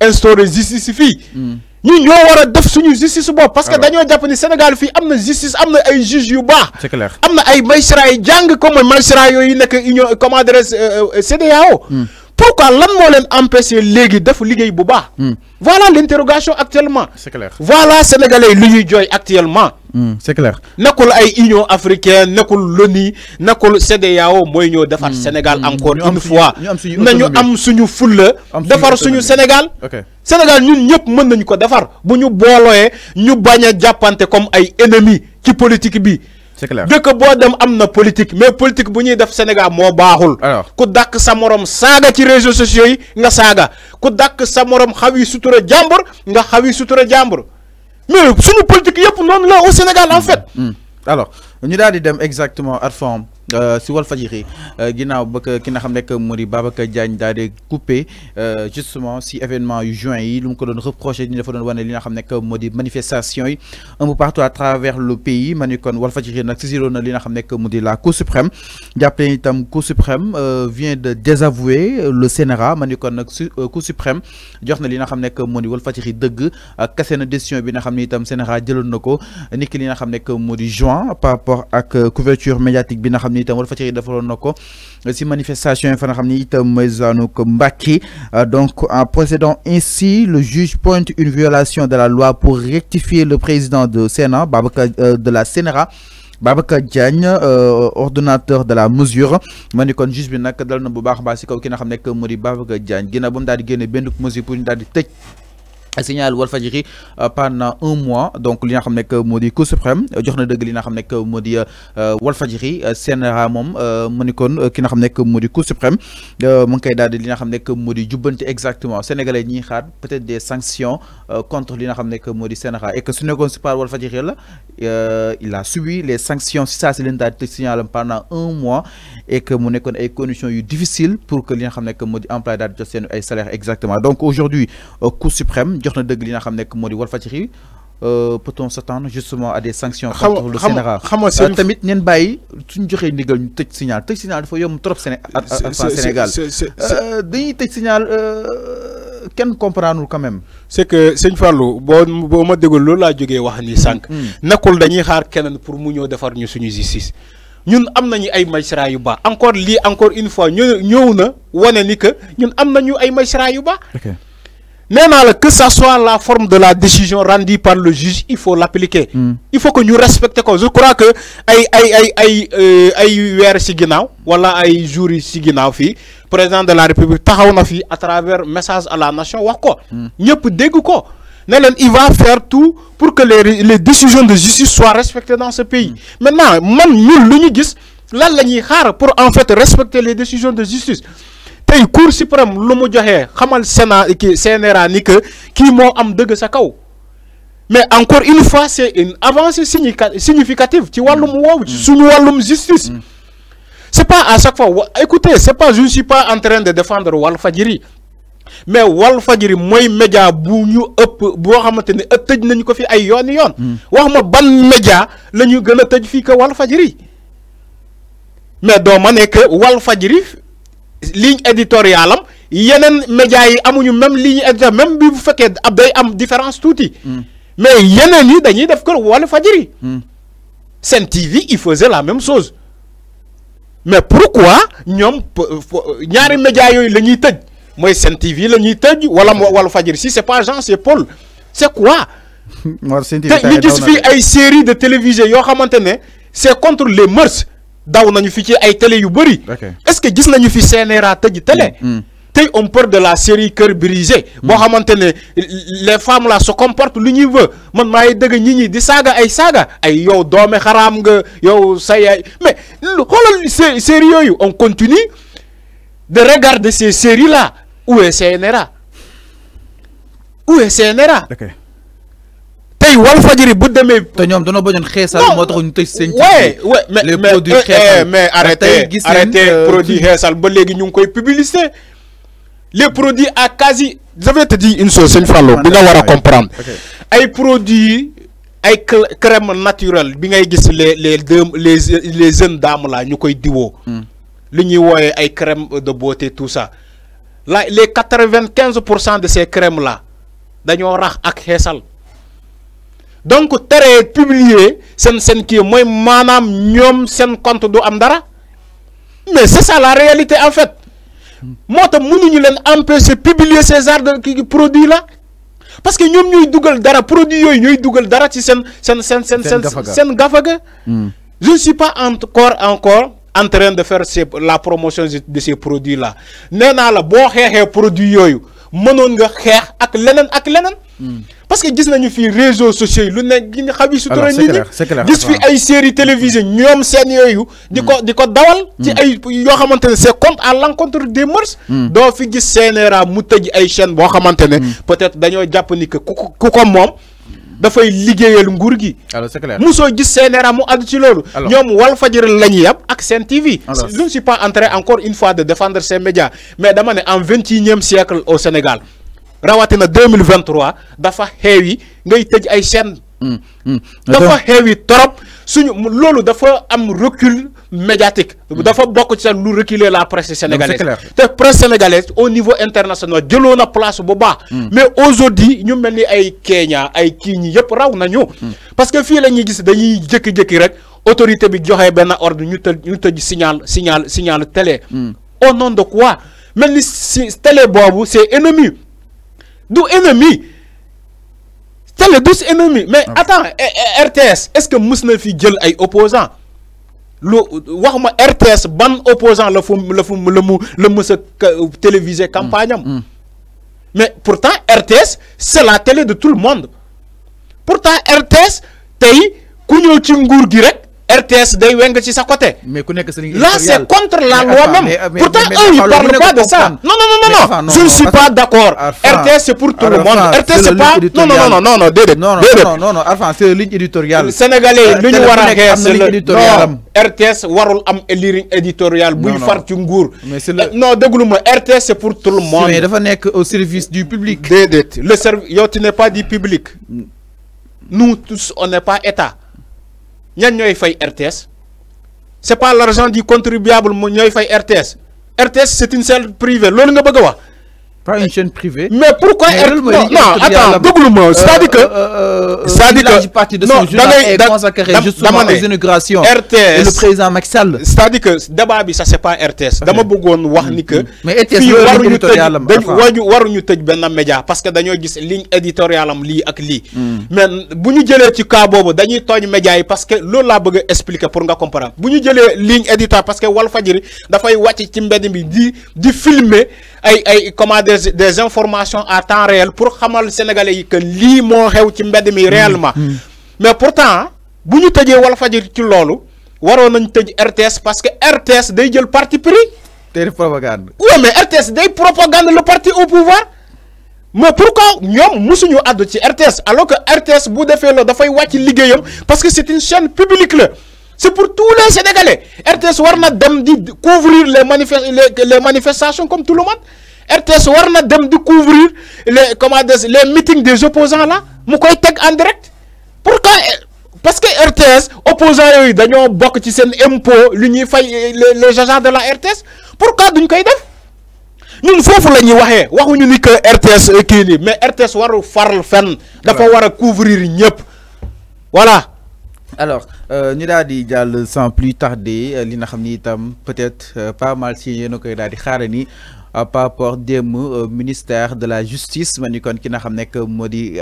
instauré justice fii mm. ñun ñoo war a def suñu justice bopp parce que ah dañoo jàpp ni Sénégal fii am na justice am na ay juge yu baax am na ay magistrat yi jàng comme magistrat yooyu nekk union comment dirais-je CEDEAO pourquoi lan moo leen empêché léegi def liggéey bu baax mm. voilà l'interrogation actuellement voilà sénégalais lu ñuy jooy actuellement Mm. c'est clair nekkul ay union africaine nekkul l'ONU nekkul CEDEAO mooy ñëw defar mm. Sénégal mm. encore une fois nañu am suñu fulla defar suñu Sénégal Sénégal ñun ñëpp mën nañu ko defar bu ñu boolooyee ñu bañ a jàppante comme ay ennemis ci politique bi c'est clair dëkk boo dem am na politique mais politique bu ñuy def Sénégal moo baaxul ku dàq sa morom saaga ci réseaux sociaux yi nga saaga ku dàkk sa morom xaw yi sutura jàmbur nga xaw yi sutura jàmbur mais y politique pour sommes là au Sénégal en fait hmm. Hmm. alors nous allons les exactement exactement à forme euh, si Walfadjri euh, ginnaaw ba ki nga xam modi, moo di Babacar Diagne daal coupé euh, justement si événement yu juin yi lu mu ko doon reproché ñu dafa doon wane li nga xam nekk manifestation yi un partout à travers le pays ma ni kon Walfadjri nag saisiroon na li nga xam nekk mu di la Cour suprême jàppale itam Cour suprême vient de désavouer le CNRA ma ni Cour suprême jox na li nga xam nekk moo di Walfadjri dëgg kase na décision bi nga xam ne itam CNRA jëloon na niki li nga xam nekk juin par rapport ak couverture médiatique bi nga ni itam Walf manifestation yi fa nga itam mooy ko euh, donc en procédant ainsi le juge pointe une violation de la loi pour rectifier le président de Sénat Babacar euh, de la Sénéra Babacar Diagne euh, ordonnateur de la mesure ma juge bi nag dal na bu baax a si kaw ki nga xam nekk moo Babacar Diagne ginnaaw ba mu daal benn pour ñu daal signal walfadjiri euh, pendant un mois donc li nga xam que Cour suprême euh, joxna deug li nga xam nekk modi di euh, Walfadjri seen moom kon ki nga Cour suprême mon ngi koy daal li nga xam exactement sénégalais ñiy xaar peut-être des sanctions contre li nga xam modi moo et que ce n'est si par la il a subi les sanctions si ça c'est leen de signal pendant un mois et que mu est ay conditions yu difficiles pour que li nga xam que moo di employé daal ay salaires exactement donc aujourd'hui Cour suprême jox na dëgg li nga xam nekk moo di euh peut-on s'attendre justement à des sanctions contre le Sénégal xam nga euh, tamit ñen bayyi suñu joxé ndigal ñu tëj signal tëj signal dafa yom trop Sénégal euh dañuy tëj signal euh, kenn comprendre quand même. c'est que seigne Fallou bo ma déggul loolu la joggé wax ni sank mm, mm. nakul dañuy xaar kenen pour mu ñëw défar ñu suñu justice. ñun am nañu ay magistrat yu ba encore li encore une fois ñëw na wane ni que ñun am nañu ay magistrat yu baax que ça soit la forme de la décision rendue par le juge, il faut l'appliquer. Hmm. Il faut que nous respections. Je crois que euh, le président de la République, à travers message à la nation, hmm. il va faire tout pour que les, les décisions de justice soient respectées dans ce pays. Hmm. Maintenant, même nous, nous, nous, pour en fait respecter les décisions de justice tay cour suprême lu mu joxee xamal Sénat ki CNRA ni que kii moo am deug sa kaw mais encore une fois c'est une avancée significative ci wàllum mm. ci mm. suñu walum justice mm. c'est pas à chaque fois écoutez c'est pas je ne suis pas en train de défendre fadjiri mais fadjiri moy média bu ñu upp bo xamanteni ne tej nañ ko fi ay yoon yoon wax ban média le gëna tej fi tëj wal fadjiri mais mais mané que wal fadjiri ligne éditoriale am yeneen médias yi amuñu même ligne éditoriale même bi bu fekkee ab day am différence tuuti. Hmm. mais yenen yi dañuy def ko wala fajiri. Hmm. seen TV il faisait la même chose mais pourquoi ñom ñaari média yoy lañuy ñuy moy mooy TV lañuy ñuy wala wala fajiri si c'est pas Jean c'est Paul c'est quoi. te ñu gis fii ay série de télévision yo xamantene c'est contre les mœurs daw nañu fi télé est-ce que gis nañu fi télé. Mm. Mm. on de la série Cœur brisé. Mm. les femmes là se comportent lu veut man maa ngi dëgg ñi tu di saga ay mais sérieux on continue de regarder ces séries là où est CNRA où est CNRA tay wal Walfadjri bu demee. té ñom dañu bañoon xéssal mo taxu ñu tej señ mais les produits euh, xeesal euh, mais arrêtez arrêtez euh, produit xéssal ba légui ñu koy publicité les produits à quasi. je vais te dire une chose señ fallo bi ah, nga wara comprendre. ay produits ay crème naturelle bi ngay gis les les deux les les jeunes dames là ñu koy diwoo. li ñi woyé ay crème de beauté tout ça la les 95% de ces crèmes là dañu rax ak xéssal donc teree publier publié ce qui moi manam ñom compte du am mais c'est ça la réalité en fait Moi, mënu ñu leen empêcher publier ces qui produit là parce que dara produit yoy ñuy dara ci sen sen sen sen sen gafaga hmm. je ne suis pas encore encore en train de faire la promotion de ces produits là Nous la bo produit mënoon nga xeex ak leneen ak leneen. Hmm. parce que gis nañu fii réseaux sociaux yi lu ne gi nga xam yi sutura nit gis fi ay séries télévisées ñoom seen yooyu di ko hmm. di ko dawal ci hmm. ay yoo xamante ne c'est contre à l'encontre des mœurs doo fi gis CNRA mu tëj ay chaîne boo xamante ne peut-être dañoo jàpp ni ku ko ku ko moom dafay liggéeyal nguur gi. alors c'est clair musoo gis CNRA mu àddu ci loolu. ñoom wal fajiri la ñuy yab ak seen TV. je ne pas en encore une fois de défendre ces médias mais dama ne en vingt et unième siècle au Sénégal rawatina deux mille vingt trois dafa xeewi ngay tëj ay chaînes. dafa xewi trop suñu lolu dafa am recul médiatique. dafa bokk ci sax lu reculer la presse sénégalaise. té presse sénégalaise au niveau international jëloo place bu baax. Mm. mais aujourd'hui ñu melni ay Kenya ay kii yépp raw nañu. Mm. parce que fi la gis dañuy jékki-jékki rek autorité bi joxé ben ordre ñu tëj ñu tëj signal signal signal télé. Mm. au nom de quoi melni si télé bobu c'est ennemi du ennemi c'est le douce ennemi mais ah attends eh, eh, RTS est-ce que Moussa fi opposant le wax RTS ban opposant le le le le le le campagne mais pourtant RTS c'est la télé de tout le monde pourtant RTS tay ku RTS day weng ci sa côté. mais ku là c'est contre la loi même pourtant eux ils parlent pas de ça. non non non non je ne suis pas d'accord. RTS c'est pour tout le monde. RTS c'est pas non non non non non non. déedéet non non non Enfin, c'est ligne éditoriale. Sénégalais euh, lu ñu war c'est non RTS warul am ligne éditoriale. buy far ci ngour mais c'est le euh, non déglu ma RTS c'est pour tout le monde. mais dafa nek au service du public. Dédé. le service. yo tu n'es pas du public. Mm. nous tous on n'est pas état ñan pas fay RTS c'est pas l'argent du contribuable ñoy fay RTS RTS c'est une salle privée L'on nga bëgg a wax pas une chaîne privée. Mais pourquoi elle... Non, attends, doublement. Euh, c'est-à-dire que... Euh, euh, c'est-à-dire que... partie de son journal est consacrée justement aux inaugurations. RTS. le président Macky C'est-à-dire que d'abord ça c'est pas RTS. D'abord je veux dire que. Mm-hmm. mais RTS c'est une ligne éditoriale. fii waruñu tëj waruñu tëj benn média parce que dañoo gis ligne éditoriale am lii ak lii. Mm. mais bu ñu jëlee ci cas boobu dañuy tooñ média yi parce que c'est ce que je veux expliquer pour nga comprendre bu ñu jëlee ligne éditoriale parce que Walfadjri dafay wàcc ci mbedd bi di filmer ay ay comment des informations à temps réel pour les sénégalais que lii moo xew ci mbedd réellement. Mm, mm. mais pourtant bu ñu tëjee Walfadjri ci loolu nous nañ tëj RTS parce que RTS day le parti pris. tey propagande. oui mais RTS day propagande le parti au pouvoir mais pourquoi nous avons àddu ci RTS alors que RTS bu defee loolu dafay wàcc parce que c'est une chaîne publique C'est pour tous les Sénégalais. RTS Warna Dem dit couvrir les, manifest les, les manifestations comme tout le monde. RTS warna dem di couvrir les comment dire les meetings des opposants là mu koy teg en direct pourquoi eh, parce que RTS opposants yooyu daño bok ci sen impôt lu ñuy fay eh, les agents de la RTS pourquoi duñ koy def ñun foofu lañuy waxé waxee waxuñu ni que RTS eh, kii nii mais RTS waru faral fen dafa wara couvrir ñep voilà alors euh, ñu daal di jàll sans plus tarder euh, li nga xam ni itam peut-être euh, pas mal si yéen a koy daal di xaara ni par rapport au euh, ministère de la justice ma qui n'a ki n'a xam modi moo di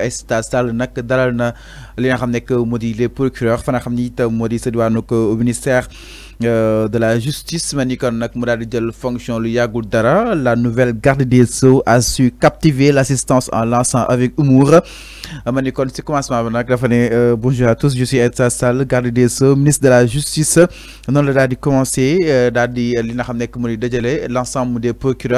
n'a que na li nga xam les procureurs fana nga modi ni itam moo au ministère euh, de la justice ma n'a que nag le di fonction lu yàggul dara la nouvelle garde des Sceaux a su captiver l'assistance en lançant avec humour manikon c'est commencement bi nag dafa euh, bonjour à tous je suis Aïssata Sal, garde des Sceaux ministre de la justice non la daal di commencer daal li nga l'ensemble des procureurs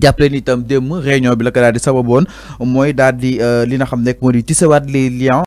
jàppaleen itam démb réunion bi la ko daal di sababoon mooy daal di euh, li nga xam nekk moo di tissewaat les liens